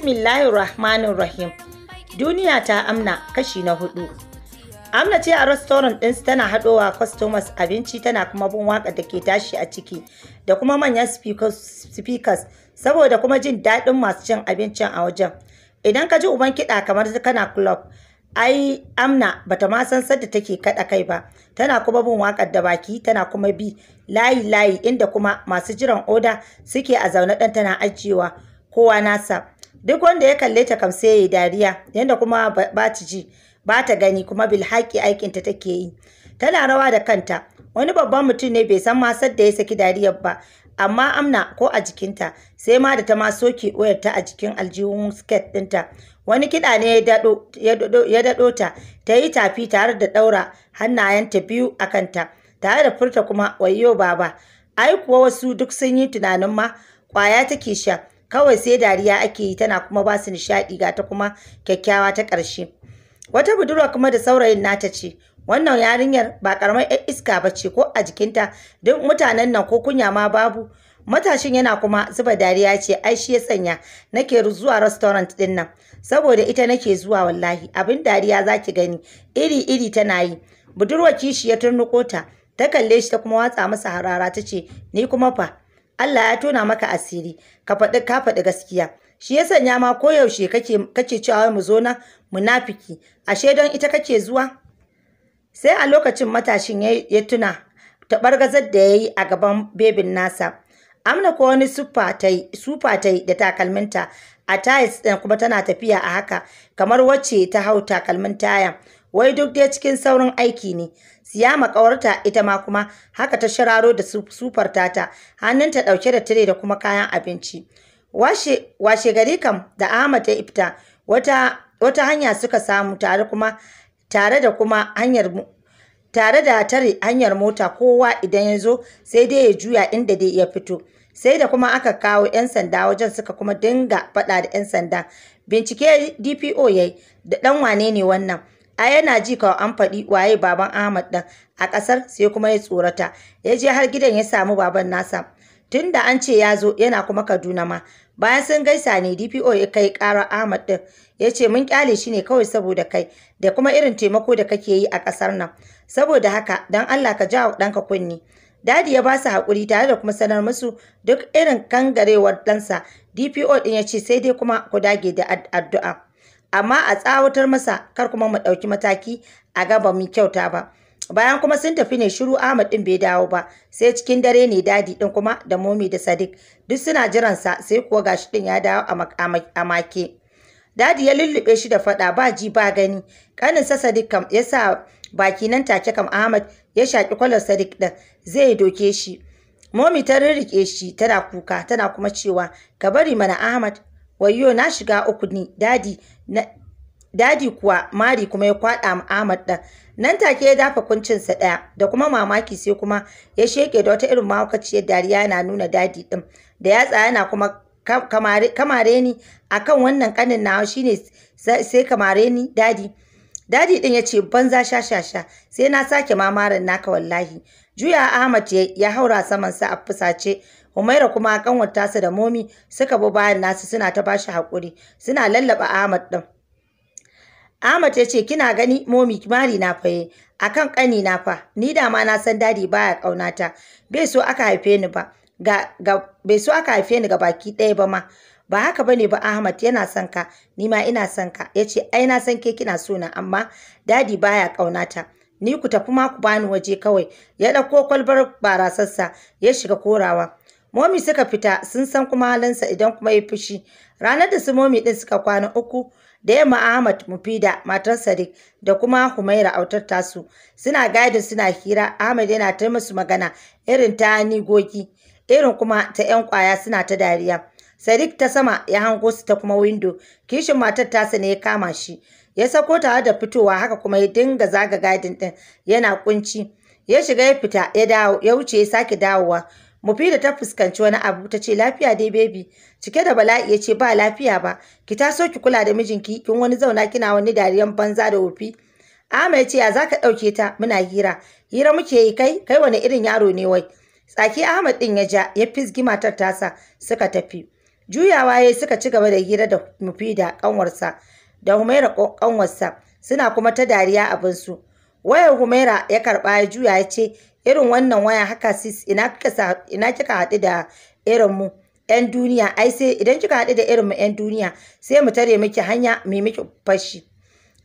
Bismillahirrahmanirrahim. Duniya ta amna kashi na hudu. Amna ce a restaurant ɗin tana haɗowa customers abinci tana kuma bin waka da ke tashi a ciki da kuma manyan speakers saboda kuma jin daɗin masu cin abincin a wajen. Idan ka ji uban kiɗa kamar kana club, ai amna bata ma san sadda take kaɗa kai ba tana kuma bin wakar da baki tana kuma bi layi layi inda kuma masu jiran oda suke a zaune ɗan tana ajiyewa kowa nasa duk wanda ya kalle ta kam sai ya yi dariya yadda kuma ba ta ji ba ta gani kuma bilhaki aikinta take yi tana rawa da kanta wani babban mutum ne bai san masar da ya saki dariyar ba amma amna ko a jikinta sai ma da ta ma soke wayar a jikin aljihun skirt ɗinta wani kiɗa ne ya daɗo ta ta yi tafi tare da ɗaura hannayenta biyu a kanta tare da furta kuma wayo baba ai kuwa wasu duk sun yi tunanin ma ƙwaya take sha kawai sai dariya ake yi tana kuma ba su nishaɗi ga ta kuma kyakkyawa ta ƙarshe wata budurwa kuma da saurayin nata ce wannan yarinyar ba karamar yar iska ba ce ko a jikinta duk mutanen nan ko kunya ma babu matashin yana kuma zuba dariya ce ai shi ya sanya nake zuwa restaurant din nan saboda ita nake zuwa wallahi abin dariya za ki gani iri iri tana yi budurwa kishi ya turnuko ta ta kalle shi ta kuma watsa masa harara ta ce ni kuma fa Allah ya tona maka asiri ka faɗi ka faɗi gaskiya shi ya sanya ma koyaushe kake kake cewa mu zo na munafiki ashe don ita kake zuwa sai a lokacin matashin ya tuna ta taɓargazar da yayi a gaban bebin nasa amna ko wani sufa ta da takalminta a tayis kuma tana tafiya a haka kamar wacce ta hau takalmin tayan wai duk dai cikin saurin aiki ne Siya ƙawarta ita ma kuma haka ta shararo da sufar tata ta ɗauke da tire da kuma kayan abinci washe gari kam da ahmad ya ifta wata wata hanya suka samu tare kuma tare da kuma hanyar tare da tare hanyar mota kowa idan ya zo sai dai ya juya inda dai ya fito sai da kuma aka kawo 'yan sanda wajen suka kuma dinga faɗa da 'yan sanda bincike dpo ya da dan wane ne wannan A yana ji kawai an faɗi waye baban Ahmad ɗin a ƙasar sai kuma ya tsorata ya je har gidan ya samu baban nasa tun da an ce ya zo yana kuma Kaduna ma bayan sun gaisa ne DPO ya kai ƙara Ahmad ɗin ya ce mun kyale shi ne kawai saboda kai da kuma irin taimako da kake yi a ƙasar nan saboda haka don Allah ka jawo ɗanka kunni Dadi ya ba su haƙuri tare da kuma sanar musu duk irin kangarewar ɗansa DPO ɗin ya ce sai dai kuma ku dage da addu'a. amma a tsawatar masa kar kuma mu ɗauki mataki a gaba mu kyauta ba bayan kuma sun tafi ne shiru Ahmad din bai dawo ba sai cikin dare ne dadi din kuma da momi da Sadiq duk suna jiran sa sai kuwa gashi din ya dawo a make dadi ya lullube shi da fada ba ji ba gani kanin sa Sadiq kam yasa baki nan take kam Ahmad ya shaki kwalar Sadiq din zai doke shi momi ta rirrike shi tana kuka tana kuma cewa ka bari mana Ahmad wayyo na shiga uku ni dadi na dadi kuwa mari kuma ya kwaɗa a Ahmad ɗan nan take ya dafa sa ɗaya da kuma mamaki sai kuma ya sheke da wata irin ya dariya yana nuna dadi ɗin da ya tsaya na kuma kamare ni akan wannan kanin nawa shine sai kamare ni dadi dadi ɗin ya ce banza sha sha sha sai na sake mamaran naka wallahi juya Ahmad ya haura saman sa a fusace Humaira kuma kanwarta sa da momi suka bi bayan nasu suna ta bashi hakuri suna lallaba Ahmad ɗin. Ahmad ya ce kina gani momi kimari na faye akan kani na fa ni da ma na san dadi baya ƙaunata bai so aka haife ni ba ga, bai so aka haife ni ga baki ɗaya ba ma ba haka bane ba Ahmad yana son ka ni ma ina son ka yace ai na san ke kina so na amma dadi baya ƙaunata ni ku tafi ma ku bani waje kawai ya ɗauko kwalbar barasarsa ya shiga korawa momi suka fita sun san kuma halinsa idan kuma ya fushi ranar da su momi ɗin suka kwana uku da yamma ahmad mufida matar sadiq da kuma humaira autar tasu suna gaida suna hira ahmad yana ta musu magana irin ta nigogi irin kuma ta yan kwaya suna ta dariya sadiq ta sama ya hango su ta kuma windo kishin matar tasa ne ya kama shi ya sako tare da fitowa haka kuma ya dinga zaga gadin din yana kunci ya shiga ya fita ya dawo ya wuce ya sake dawowa Mufida ta fuskanci wani abu ta ce lafiya dai baby cike da bala'i ya ce ba lafiya ba ki ta so ki kula da mijinki kin wani zauna kina wani dariyan banza da wofi. Ama ya ce ya zaka dauke ɗauke ta muna hira hira muke yi kai kai wani irin yaro ne wai. Tsaki Ahmad ɗin ya ja ya fizgi matar tasa suka tafi. Juyawa yayi suka ci gaba da hira da Mufida ƙanwarsa da Humaira kanwarsa suna kuma ta dariya abinsu. Wayar Humaira ya karba ya juya ya ce irin wannan waya haka sis ina kika ina kika haɗu da irin mu duniya ai sai idan kika haɗu da irin mu yan duniya sai mu tare miki hanya mai miki fashi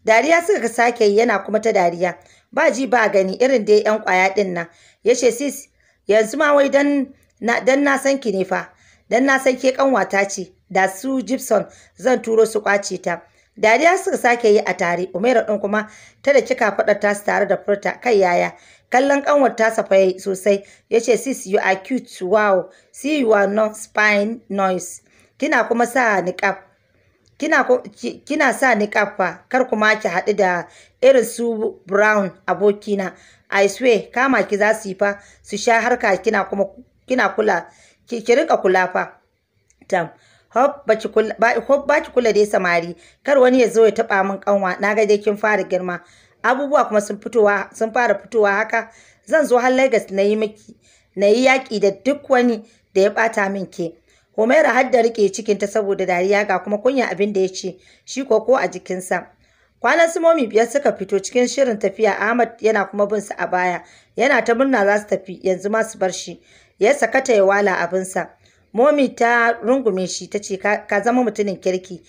dariya suka sake yana kuma ta dariya ba ji ba gani irin dai yan ƙwaya din nan yace sis yanzu ma wai dan na dan na san ki ne fa dan na san ke kanwata ce da su Gibson zan turo su kwace ta dariya suka sake yi a tare umaira din kuma ta da kika faɗa ta tare da furta kai yaya kallon kanwar ta fa sosai ya ce sis you are cute wow see you are not spine noise kina kuma sa niqab kina kina sa niqab fa kar kuma ki haɗu da irin su brown abokina i swear kama ki za su yi fa su sha harka kina kuma kina kula ki, rika rinka kula fa tam hop ba ki kula dai samari kar wani ya zo ya taɓa min kanwa na ga dai kin fara girma abubuwa kuma sun fitowa sun fara fitowa haka zan zo har Lagos na yi miki na yi yaƙi da duk wani da ya ɓata min ke Humaira har da rike cikinta saboda dariya ga kuma kunya abin da ya ce shi ko ko a jikinsa kwanan su biyar suka fito cikin shirin tafiya Ahmad yana kuma bin su a baya yana ta murna za su tafi yanzu ma su bar shi ya sakata ya wala abinsa momi ta rungume shi ta ce ka zama mutumin kirki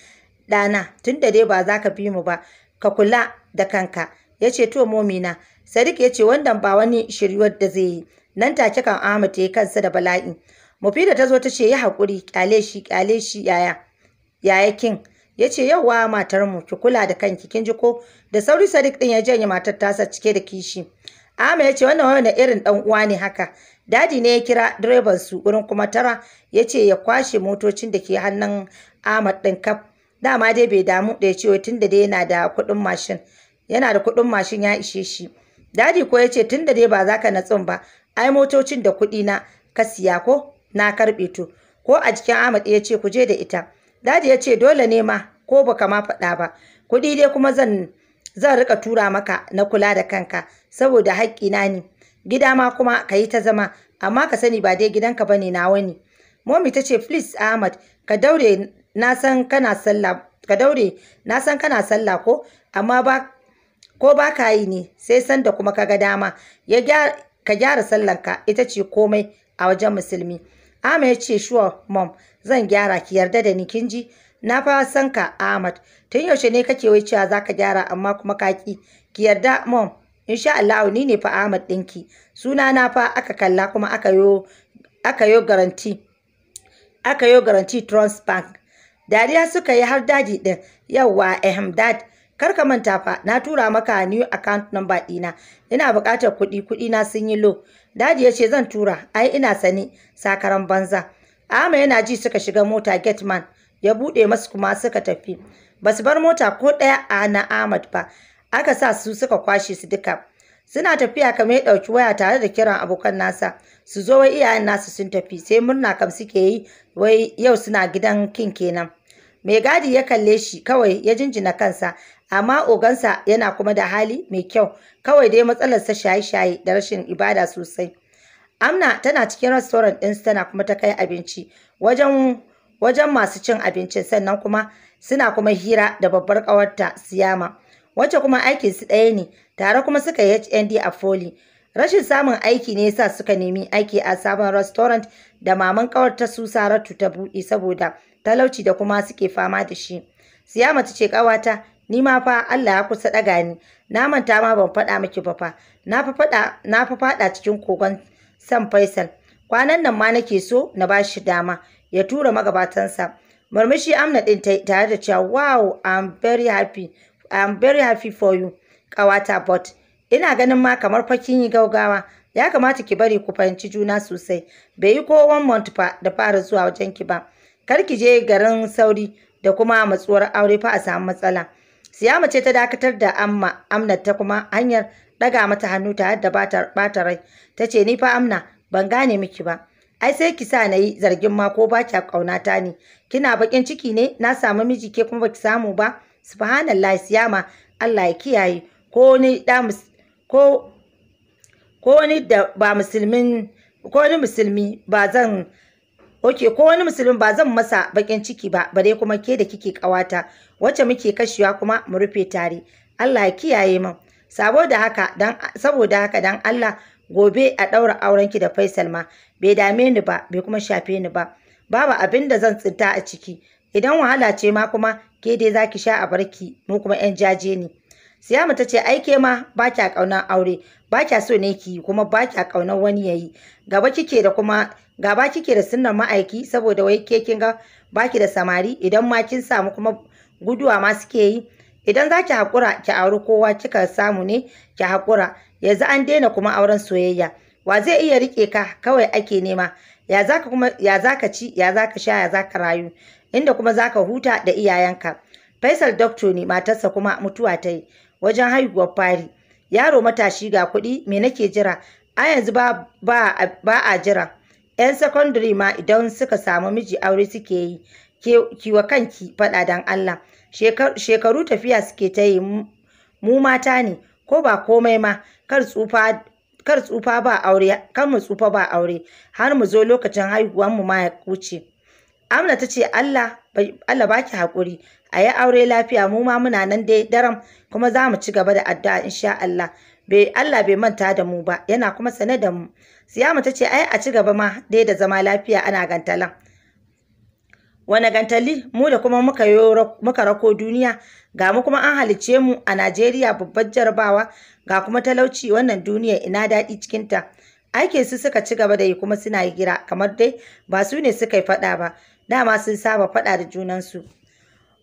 ɗana tun da dai ba za ka bi mu ba ka kula da kanka ya ce to momina sadiq ya ce wannan ba wani shiryuwar da zai yi nan take kan ahmad ta yi kansa da bala'i mufida ta zo ta ce ya haƙuri kyale shi kyale shi yaya yaya kin ya ce yauwa matar mu ki kula da kanki kin ji ko da sauri sadiq ɗin ya janye matar tasa cike da kishi ahmad ya ce wannan wani irin dan uwa ne haka dadi ne ya kira direban su wurin kuma tara ya ce ya kwashe motocin da ke hannun ahmad ɗin kaf dama dai bai damu da ya ce tun da dai yana da kuɗin mashin yana da kuɗin mashin ya ishe shi daji ko ya ce tun da dai ba za ka natsun ba ai motocin da kuɗi na ka siya ko na karɓe to ko a cikin Ahmad ya ce ku je da ita daji ya ce dole ne ma ko baka ma faɗa ba kuɗi dai kuma zan zan rika tura maka na kula da kanka saboda haƙƙi na ne gida ma kuma ka yi ta zama amma ka sani ba dai gidanka ba ne nawa ne momi ta ce please ahmad ka kana sallah ka daure na san kana sallah ko amma ba ko ba ka yi ne sai sanda kuma ka ga dama ka gyara sallanka ita ce komai a wajen musulmi Ahmad ya ce shuwa mom zan gyara ki yarda da ni kin ji na fa san ka Ahmad tun yaushe ne kake wai cewa zaka gyara amma kuma ka ki ki yarda mom insha Allah ni ne fa Ahmad dinki suna na fa aka kalla kuma aka yo aka yo garanti aka yo garanti Trans Bank dariya suka yi har daji din yawa ehm dad kar ka manta fa na tura maka new account number ɗina ina buƙatar kuɗi kuɗi na sun yi low daji ya ce zan tura ai ina sani sakaran banza ama yana ji suka shiga mota get man ya buɗe masu kuma suka tafi ba su bar mota ko ɗaya a na ahmad ba aka sa su suka kwashe su duka suna tafiya kamar ya ɗauki waya tare da kiran abokan nasa su zo wai iyayen nasu sun tafi sai murna kam suke yi wai yau suna gidan kin kenan mai gadi ya kalle shi kawai ya jinjina kansa amma ogansa yana kuma da hali mai kyau kawai dai matsalarsa shaye-shaye da rashin ibada sosai amna tana cikin restaurant ɗinsu tana kuma ta kai abinci wajen wajen masu cin abincin sannan kuma suna kuma hira da babbar ƙawarta siyama wacce kuma aikin su ɗaya ne tare kuma suka yi hnd a foli rashin samun aiki ne yasa suka nemi aiki a sabon restaurant da maman ƙawar ta su saratu ta buɗe saboda talauci da kuma suke fama da shi siyama ta ce ƙawata ni ma fa Allah ya kusa ɗaga ni na manta ma ban faɗa miki ba fa na fa faɗa na fa faɗa cikin kogon san Faisal kwanan nan ma nake so na ba shi dama ya tura magabatan sa. murmushi Amna din tare da cewa wow I'm very happy I'm very happy for you kawata but ina ganin ma kamar fakin yi gaugawa ya kamata ki bari ku fahimci juna sosai bai yi ko one month fa da fara zuwa wajen ki ba kar ki je garin sauri da kuma matsuwar aure fa a samu matsala Siyama ce ta dakatar da Amma, Amna ta kuma hanyar ɗaga mata hannu tare da bata rai. Ta ce ni fa Amna ban gane miki ba. Ai sai ki sa na yi zargin ma ko ba kya ƙaunata ni. Kina bakin ciki ne na samu miji ke kuma baki samu ba. Subhanallah Siyama Allah ya kiyaye ko ni da ko ko ni da ba musulmin ko ni musulmi ba zan Oke ko wani musulmi ba zan masa bakin ciki ba bare kuma ke da kike kawata wacce muke kashewa kuma mu rufe tare. Allah ya kiyaye mu Saboda haka dan saboda haka dan Allah gobe a daura auren ki da Faisal ma bai dame ni ba bai kuma shafe ni ba. Babu abin da zan tsinta a ciki. Idan wahala ce ma kuma ke dai zaki sha a barki mu kuma yan jaje ne. Siyama ta ce aike ma ba kya ƙaunar aure, ba kya so ne ki kuma ba kya ƙaunar wani yayi. Gaba kike da kuma gaba kike da sunnan ma'aiki saboda wai ke kin ga baki da samari idan ma kin samu kuma guduwa ma suke yi. Idan za ki haƙura ki auri kowa kika samu ne ki haƙura. Yanzu an daina kuma auren soyayya. Wa zai iya rike ka kawai ake nema. Ya zaka kuma ya zaka ci ya zaka sha ya zaka rayu. Inda kuma zaka huta da iyayenka. Faisal doctor ne matarsa kuma mutuwa ta yi. wajen haihuwar fari yaro matashi ga kuɗi me nake jira a yanzu ba, ba, a jira yan sakandare ma idan suka samu miji aure suke yi kiwa kanki faɗa don Allah shekaru tafiya suke ta yi mu mata ne ko ba komai ma kar tsufa kar tsufa ba aure kar mu tsufa ba aure har mu zo lokacin haihuwar mu ma ya wuce Amina ta ce Allah Allah baki haƙuri a yi aure lafiya mu ma muna nan dai daram kuma za mu ci gaba da addu'a insha Allah bai Allah bai manta da mu ba yana kuma sane da mu Siyama ta ce ai a ci gaba ma dai da zama lafiya ana gantalan wani gantali mu da kuma muka muka rako duniya ga mu kuma an halicce mu a Najeriya babbar jarabawa ga kuma talauci wannan duniya ina daɗi ta aikin su suka ci gaba da yi kuma suna yi gira kamar dai ba su ne suka yi faɗa ba dama sun saba faɗa da junansu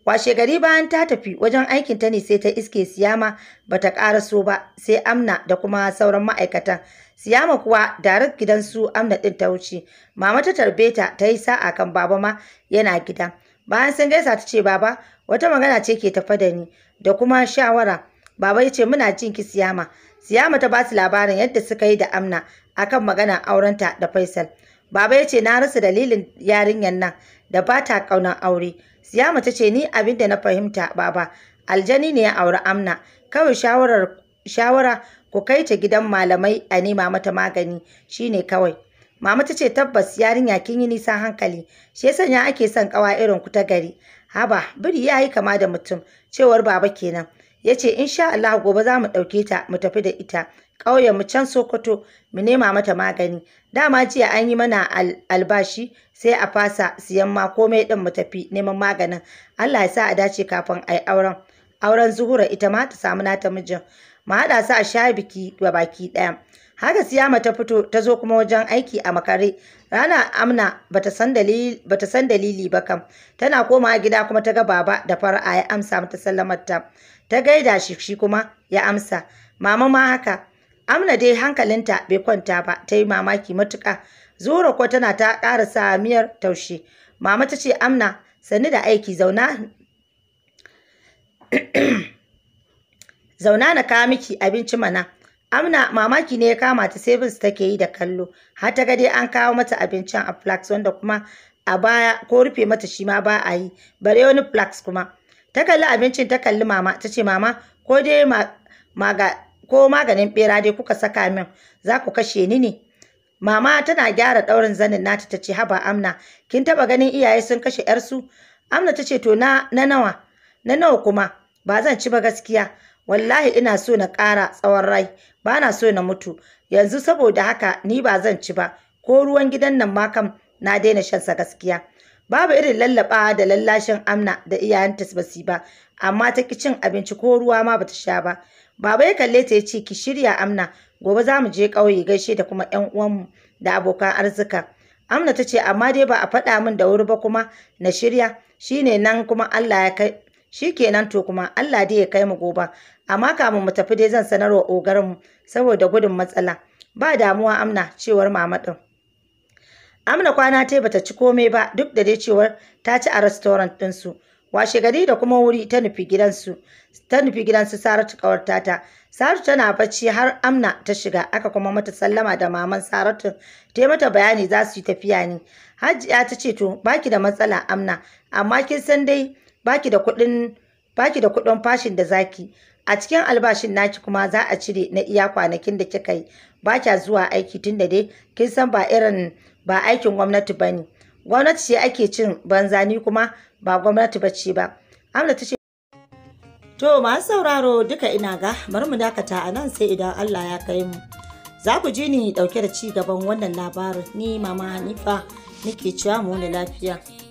washe gari bayan ta tafi wajen aikinta ne sai ta iske siyama ba bata so ba sai amna da kuma sauran ma'aikatan siyama kuwa darar gidan su amna ɗin ta wuce mama ta tarbe ta ta yi sa'a kan baba ma yana gida bayan sun gaisa ta ce baba wata magana ce ke tafa da ni da kuma shawara baba ya ce muna jin ki siyama siyama ta ba su labarin yadda suka yi da amna akan maganar aurenta da faisal Baba ya ce na rasa dalilin yarinyar nan da ba ta ƙaunar aure. Siyama ta ce ni abin da na fahimta baba aljani ne ya auri amna kawai shawarar shawara ku kai ta gidan malamai a nema mata magani shine kawai. Mama ta ce tabbas yarinya kin yi nisan hankali shi yasa ya ake son kawa irin ku ta gari. Haba biri ya yi kama da mutum cewar baba kenan. Ya ce insha Allah gobe za mu ɗauke ta mu tafi da ita mu can Sokoto mu nema mata magani. Dama jiya an yi mana albashi sai a fasa siyan ma komai din mu tafi neman maganin. Allah ya sa a dace kafin a yi auren. Auren Zuhura ita ma ta samu nata mijin. Mu hada su a sha biki ga baki ɗaya. Haka Siyama ta fito ta zo kuma wajen aiki a makare. Rana Amna bata san dalili ba kam. Tana komawa gida kuma ta ga baba da fara'a ya amsa mata sallamar ta. Ta gaida shi shi kuma ya amsa. Mama ma haka Amna dai hankalinta bai kwanta ba, ta yi mamaki matuƙa. Zura ko tana ta ƙara sa miyar taushe. Mama ta ce Amna sani da aiki zauna zauna na kawo miki abinci mana. Amna mamaki ne ya kama ta sai bins take yi da kallo. Har ta ga dai an kawo mata abincin a flax wanda kuma a baya ko rufe mata shi ma ba a yi. Bare wani flax kuma. Ta kalli abincin ta kalli mama ta ce mama ko dai ma, maga ko maganin bera dai kuka saka min za ku kashe ni ne mama tana gyara ɗaurin zanin nata tace haba amna kin taba ganin iyaye sun kashe yarsu amna tace to na na nawa na nawa kuma ba zan ci ba gaskiya wallahi ina so na kara tsawon rai Bana na so na mutu yanzu saboda haka ni ba zan ci ba ko ruwan gidan nan ma kam na daina shan sa gaskiya babu irin lallaba da lallashin amna da iyayenta ba ba amma ta ki cin abinci ko ruwa ma bata sha ba Baba ya kalle ta ya ce ki shirya Amna gobe za mu je ƙauye gaishe da kuma ƴan uwanmu da abokan arzika. Amna ta ce amma dai ba a faɗa min da wuri ba kuma na shirya shine nan kuma Allah ya kai shi nan to kuma Allah dai ya kai mu gobe amma kamun mu tafi dai zan sanar sanarwa ogarmu saboda gudun matsala. Ba damuwa Amna cewar mama ɗin. Amna kwana ta bata ci komai ba duk da dai cewar ta ci a restaurant ɗin su. washe gari da kuma wuri ta nufi gidansu ta nufi gidansu saratu kawarta ta saratu tana bacci har amna ta shiga aka kuma mata sallama da maman saratu ta mata bayani za su yi tafiya ne hajiya ta ce to baki da matsala amna amma kin san dai baki da kuɗin baki da kuɗin fashin da zaki a cikin albashin naki kuma za a cire na iya kwanakin da kika yi ba zuwa aiki tunda dai kin san ba irin ba aikin gwamnati bane gwamnati ce ake cin banza ni kuma ba gwamnati ba ce ba amla ta ce to masu sauraro duka ina ga bari mu dakata a nan sai idan allah ya kai mu za ku ji ni dauke da ci gaban wannan labarin ni mama hanifa nake cewa mu lafiya